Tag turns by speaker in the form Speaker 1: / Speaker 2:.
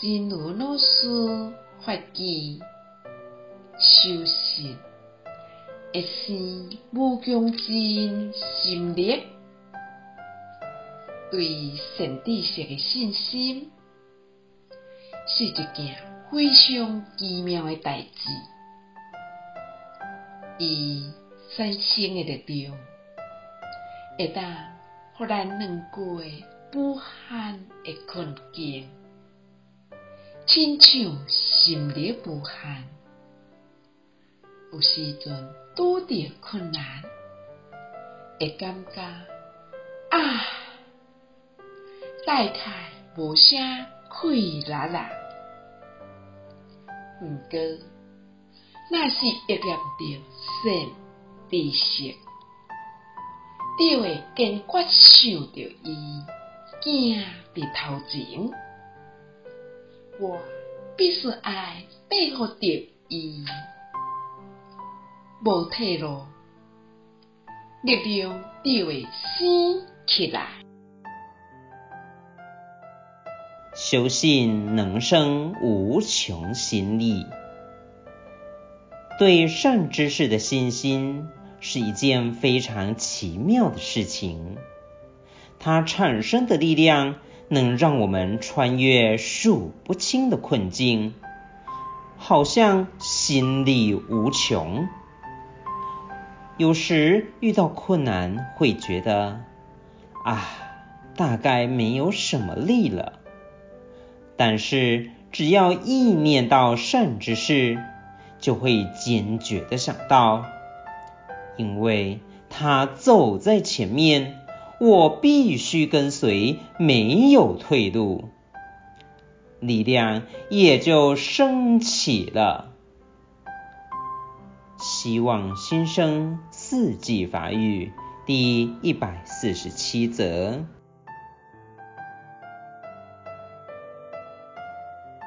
Speaker 1: 真如老師法語修信能生無窮心力，對善知識的信心，是一件非常奇妙的代志。伊產生的力量，會當互咱穿過數不清的困境。親像心力無限，有時陣拄着困難，會感覺啊，大概無啥氣力啊。毋過，若是遇着到善知識，就會堅決受着伊，行佇頭前。我必須愛背後的意，無退路，力量變為生起來。
Speaker 2: 修信能生無窮心力，對善知識的信心是一件非常奇妙的事情，它產生的力量，能讓我們穿越數不清的困境，好像心力無窮。有時遇到困難，會覺得啊，大概沒有什麼力了。但是只要意念憶念到善知識，就會堅決地想到，因為他走在前面。我必須跟隨，沒有退路，力量也就生起了。希望新生四季法語第一百四十七則。